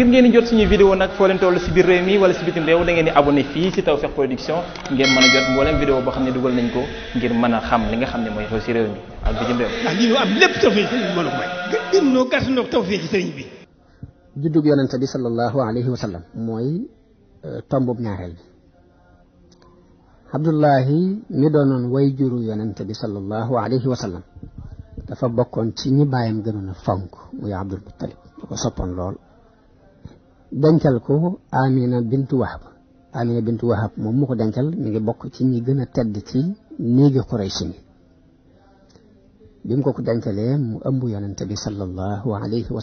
ngir ngeen di jot suñuy vidéo nag foo leen si biir réew mi wala si bitim réew da ngeen di abonné fii si Tawfekh Production ngeen mën a jot mboolem vidéo boo xam ne dugal nañ ko ngir mën a xam li nga xam ne mooy xew si réew mi ak bi mën a may. gën noo gàtt noo tawfeex ci sëriñ bi. juddug yonente bi wa sallam mooy euh, tombub ñaareel bi Abdullahi mi doon way juru yonente bi sallallahu alayhi wa sallam dafa bokkoon ci ñi bàyyam gënoon a fonk muy Abdul Muttalib da ko soppoon lool. dencal ko Amina bintu Wahab Amina bintu Wahab moom mu ko dencal mu ngi bokk ci ñi gën a tedd ci néegi Quraysh ni bi mu ko ko dencalee mu ëmb yonente bi sallallahu alayhi wa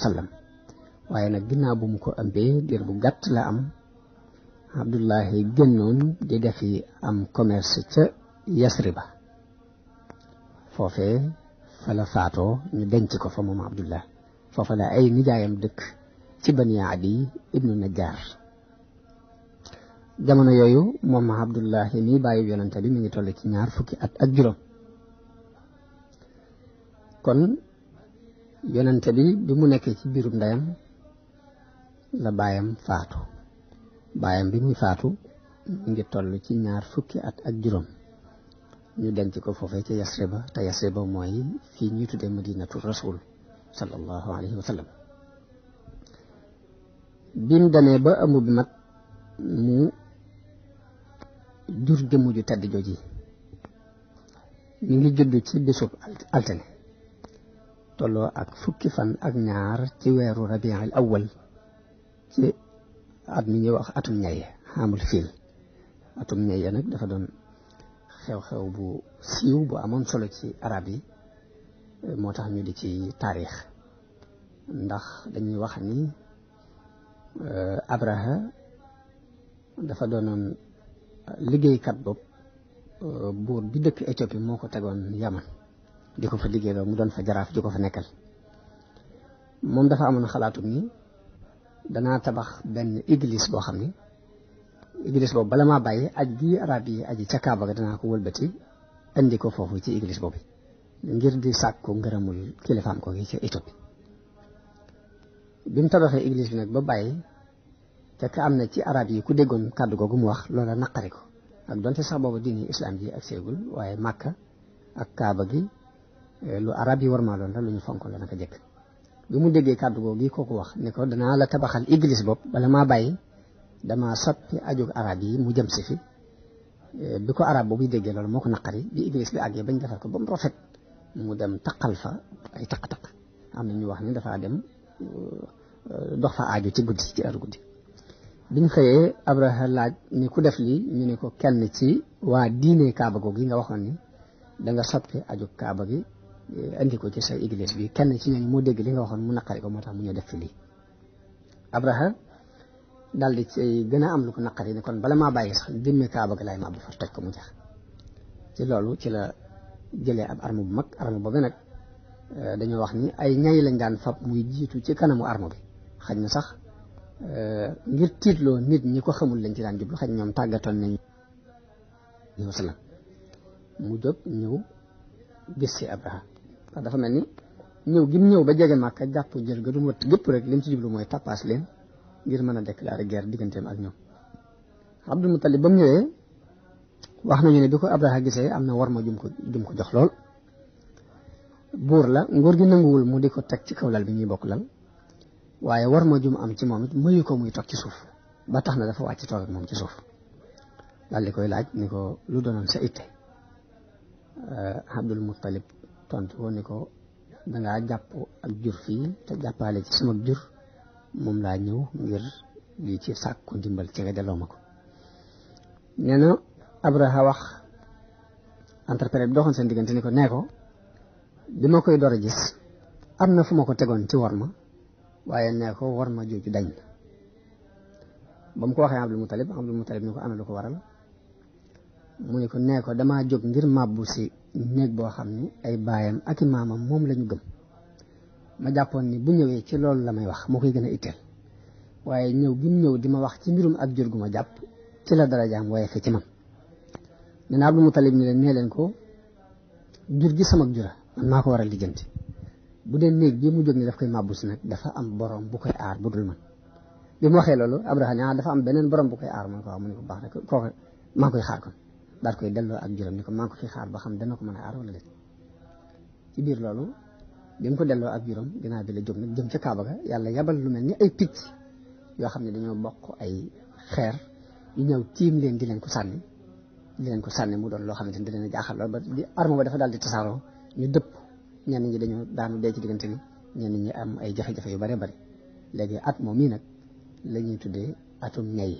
waaye nag ginnaaw bu mu ko ëmbee diir bu gàtt la am Abdullahi génnoon di defi am commerce ca Yasriba foofee fa faatoo ñu denc ko fa moom Abdullah foofa la ay nijaayam dëkk ci bani adi ibnu najjar jamono yooyu moom abdullahi mi bàyyi yonante bi mu ngi toll ci ñaar fukki at ak juróom kon yonante bi bi mu nekkee ci biirum ndeyam la baayam faatu baayam bi muy faatu mi ngi toll ci ñaar fukki at ak juróom ñu denc ko foofee ca Yasriba te Yasriba mooy fii ñuy tuddee madinatu rasul sallallahu alayhi wa bim demee ba amub nag mu jur jëmm ju tedd yi ñu ngi judd ci bisub altine tolloo ak fukki fan ak ñaar ci weeru rabiul awal ci at mu ngi wax atum ñeye xaamul fiil atum ñeye nag dafa doon xew-xew bu siiw bu amoon solo ci arab yi moo tax ñu di ci taarix ndax dañuy wax ni Euh, Abraha dafa doonoon liggéeykat boobu euh, buur bi dëkk Éthiopie moo ko tegoon Yaman di ko fa liggéeyloo mu doon fa jaraaf di ko fa nekkal moom dafa amoon xalaatu nii danaa tabax benn église boo xam ni boobu bala maa bàyyi aj gi arab yi aji ca Kaaba ga danaa ko wëlbati indi ko foofu ci église boobu ngir di sàkku ngërëmul kilifaam ko gi ca Éthiopie bi mu tabaxee église bi nag ba bàyyi fekk am na ci arab yi ku déggoon kàddu googu mu wax loola naqari ko ak donte sax boobu diini islam ji ak seegul waaye màkka ak kaaba gi eh, lu arab yi war maa loon la lu ñu fonk la naka jëkk bi mu déggee kàddu googu gi ko wax ne ko danaa la tabaxal église bopp bala maa bàyyi dama soppi ajug arab yi mu jëm si fi eh, bi ko arab boobu déggee loolu moo ko naqari bi église bi àggee bañ defar ko ba mu rafet mu dem taqal fa ay taq na ñu wax ne dafa dem Euh, dox fa aajo ci guddi ci heure guddi biñ xëyee Abraha laaj ni ku def lii ñu ne ko kenn ci waa diine Kaaba googu yi nga waxoon ni da nga soppi aju Kaaba gi andi eh, ko ci sa église bi kenn ci ñooñu moo dégg li nga waxoon mu naqari ko moo tax mu ñëw def fi lii. Abraha daal di ci gën a am lu ko naqari ni kon bala maa bàyyi sax dimme Kaaba gi laay màbb far toj ko mu jax ci loolu ci la jëlee ab arme bu mag arme boobu nag. Euh, dañoo wax ni ay ñay lañ daan fab muy jiitu ci kanamu arme bi xañ na sax euh, ngir tiitloo nit ñi ko xamul lañ ci daan jublu xañ ñoom tàggatoon nañ ñëw salam mu jóg ñëw gis ci Abraha ndax dafa mel ni ñëw gi mu ñëw ba jege Màkka jàpp jël ga du mu wëtt rek li ci jublu mooy tappaas leen ngir mën a déclarer guerre digganteem ak ñoom Abdul Muttalib tali bam ñëwee wax nañu ne bi ko Abraha gisee am na war ma jum ko jum ko jox lool buur la nguur gi nanguwul mu di ko teg ci kaw lal bi ñuy bokk lal waaye war moo jum am ci moom it mayu ko muy toog ci suuf ba tax na dafa wàcc toog ak moom ci suuf daal di koy laaj ni ko lu doonoon sa itte eh, Abdul ni ko dangaa jàpp ak jur te jàppaale ci sama jur moom laa ñëw ngir lii ci sàkku ndimbal ci nga delloo ma ko nee na Abraha wax entrepreneur bi doxoon seen diggante ni ko nee ko bi ma koy door a gis am na fu ma ko tegoon ci war ma waaye nee ko war ma jooju dañ ba mu ko waxee Abdul Mutalib Abdul Mutalib ni ko amee lu ko waral mu ne ko nee ko damaa jóg ngir si néeg boo xam ne ay baayam ak i moom la ñu gëm jàppoon ni bu ci loolu la may wax moo koy waaye ñëw gi mu ñëw wax ci mbirum ak jur gu ma jàpp ci la waaye fi na Abdul Mutalib ni leen nee leen ko jur gi sama jura man maa ko war a lijjanti bu dee néeg bii mu jóg ni daf koy màbbu si nag dafa am borom bu koy aar bu dul man bi mu waxee loolu Abraha ñaa ah, dafa am beneen borom bu koy aar man ko wax ko baax rek kooku maa koy xaar kon koy delloo ak juróom ni ko maa ko fi xaar ba xam dana ko mën a aar wala ci biir loolu bi ko delloo ak juróom ginnaaw bi la jóg jëm ca Kaaba ga yàlla yabal lu mel yoo xam ne dañoo bokk ay xeer yu ñëw tiim leen di leen ko sànni di doon loo xamante ni da leen a jaaxal lool ba arme ba dafa daal di tasaaroo ñu dëpp ñenn ñi dañu daanu dee ci diggante bi ñenn ñi am ay jafe-jafe yu bare bari léegi at moom mii nag la ñuy tuddee atum ñay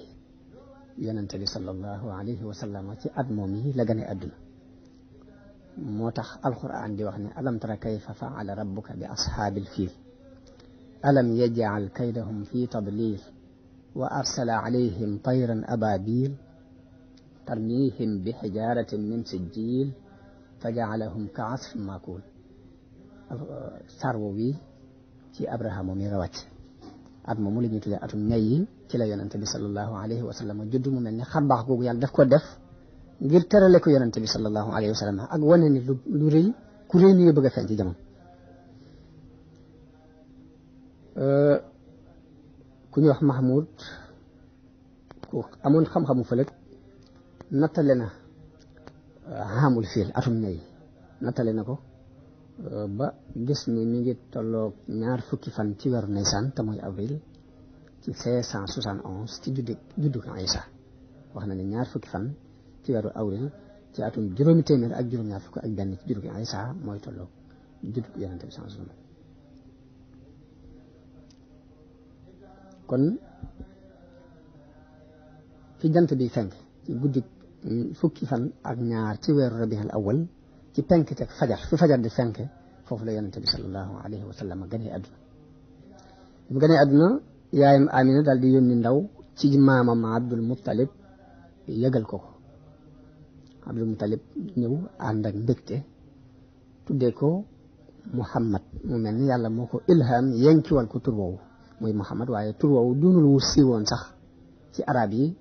yonente bi sallallahu alayhi wa sallam ci at moom mi la gane àdduna moo tax alquran di wax ni alam tara kayfa faala rabbuka bi ashaabil fiil alam yajcal kaydahum fi tadlil wa arsala alayhim tayran ababil tarmihim bi xijaaratin min sijjiil fa jaalahum ka asfin maakul sarwo wi ci abrahama mi la ñuy tuddee atum ñay yi ci la yonent bi sallallahu alayhi wa sallam judd mu mel ni xarbaax googu yàlla def ko def ngir la ko yonent bi sallallahu alayhi wa sallam ak wane ni lu rëy ku rëy mi bëgg a feeñ ku ñuy wax Mahmoud ku amoon xam-xamu fëlëg nattale na xaamul fiil atum nay nattale na ko euh, ba gis ni mi ngi tolloog ñaar fukki fan ci weeru naysaan te muy avril ci 571 ci juddu juddu Isa wax na ne ñaar fukki fan ci weeru avril ci atum juróomi téeméer ak juróom-ñaar fukk ak benn ci juddu Isa mooy tolloog juddu yonente kon fi jant bi fenk ci guddi fukki fan ak ñaar ci weeru rabiul awal ci penk teg fajar fi fajar di fenk foofu la yonente bi sallallahu wa sallam gënee àdduna mu gënee àdduna yaayam Amina daal di yónni ndaw ci maamam Abdul Muttalib yëgal ko ko Abdul Muttalib ñëw ànd ak mbégte tuddee ko Muhammad mu mel ni yàlla moo ko ilham yenkiwal ko tur muy Muhammad waaye tur woowu dunul wu siiwoon sax ci arab yi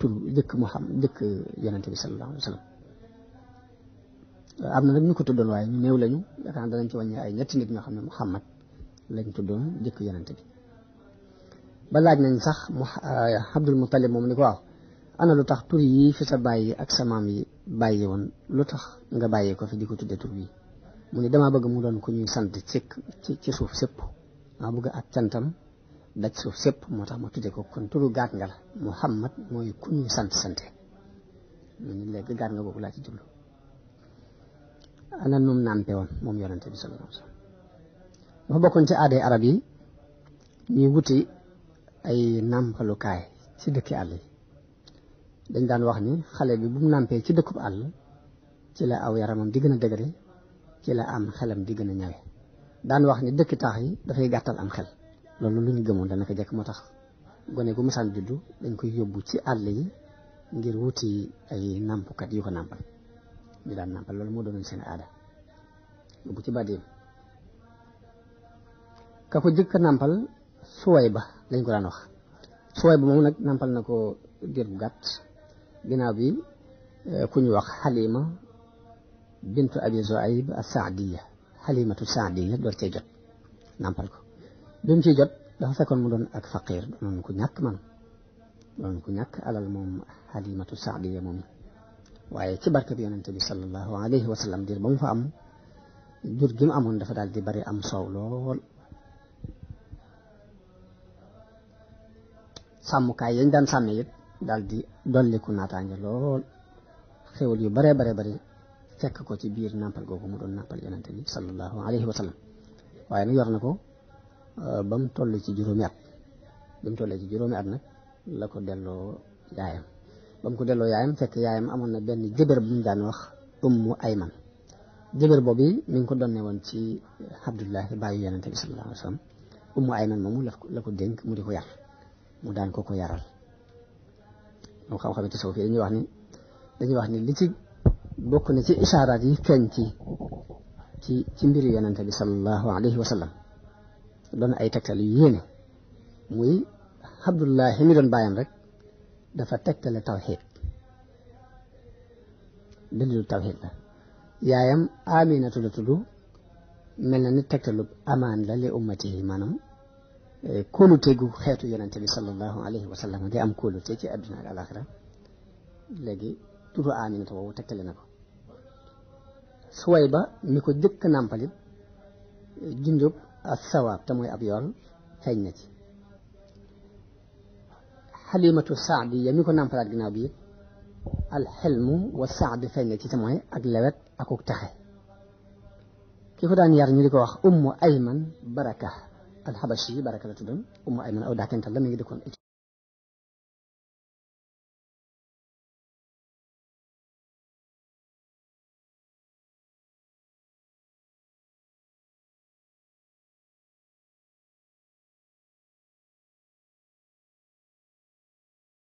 tur jëkk mu xam jëkk yonente bi sallallahu alayhi wa sallam am na nag ñu ko tuddoon waaye ñu néew lañu yaakaar naa danañ ci wàññi ay ñetti nit ñoo xam ne Muhammad lañ tuddoon jëkk yonente bi ba laaj nañ sax mu eh, Abdul Muttalib moom ni ko waaw ana lu tax tur yi fi sa bàyyi ak sa maam yi bàyyi woon lu tax nga bàyyi ko fi di ko tuddee tur bii mu ni damaa bëgg mu doon ko ñuy sant ci ci suuf sëpp maa bëgg ak cantam daj suuf sëpp moo tax mu tuddee ko kon turu gaat nga la Muhammad mooy ku ñu sant sante mu ñu léegi gaat laa ci jublu ana num nàmpe moom yonente bi sallallahu alayhi wasallam dafa bokkoon ci aaday arab yi ñuy wuti ay nàmpalukaay ci dëkki àll yi dañ daan wax ni xale bi bu mu nàmpee ci dëkkub àll ci la aw yaramam di gën a dëgëre ci la am xelam di gën a ñawe daan wax ni dëkki taax yi dafay gàttal am xel loolu lu ñu gëmoon dana ko jekk moo tax gone gu masaan juddu dañ koy yóbbu ci àll yi ngir wuti ay nàmpukat yu ko nàmpal ñu daan nàmpal loolu moo doon seen aada yóbbu ci bàddeem ka ko jëkk nàmpal suway ba lañ ko daan wax suway ba moom nag nàmpal na ko diir bu gàtt ginnaaw bi eh, ku ñu wax xalima bintu abi zoaib as saadiya xalimatu saadiya door cee jot nàmpal ko bi mu ciy jot dafa fekkoon mu doon ak faqiir doon ku ñàkk man doon ku ñàkk alal moom Halimatu Saadiya moom waaye ci barke bi yonente bi sallallahu alayhi wa sallam dir ba mu fa am jur gi mu amoon dafa dal di bari am soow lool sàmmkaay yañ daan sàmme it daal di dolliku naataange lool xéwal yu bare bare bari fekk ko ci biir nàmpal googu mu doon nàmpal yonente bi sallallahu alayhi wa sallam waaye nu yor ko Euh, ba mu toll ci juróomi at ba ci juróomi at nag la ko delloo yaayam ba ko delloo yaayam fekk yaayam amoon na benn jëbër bu mu daan wax ummu ayman jëbër boobu mi ngi ko donne woon ci abdullahi bàyyi yonente bi sallallahu alayhi wa ayman moomu la la ko dénk mu di ko yar mu daan ko ko yaral moom xam-xam ci tasawuf dañuy wax ni dañuy wax ni li ci bokk na ci isaaraat yi ci ci ci mbiri yonente bi sallallahu alayhi wa doon ay tegtal yu yéene muy Abdullahi mi doon bàyyam rek dafa tegtale tawxiid dalilu tawxiid la yaayam Aminatu la tudd mel na ni tegtalu amaan la li ummati yi maanaam e, kóolute gu xeetu yonente bi sallallahu alayhi wa sallam di am kóolute ci àdduna ak alaxira léegi tudd Aminatu boobu tegtale na ko Suwayba mi ko jëkk nàmpalit junjub ak sawaab te mooy ab yoon feeñ na ci xalimatu saadi ya mi ko nàmpalaat ginnaaw bi alxilmu wa saadi feeñ na ci te mooy ak lewet akuk taxe ki ko daan yar ñu di ko wax ummu ayman baraka alxabashi baraka la tuddoon ummu ayman aw daakental la mi ngi dëkkoon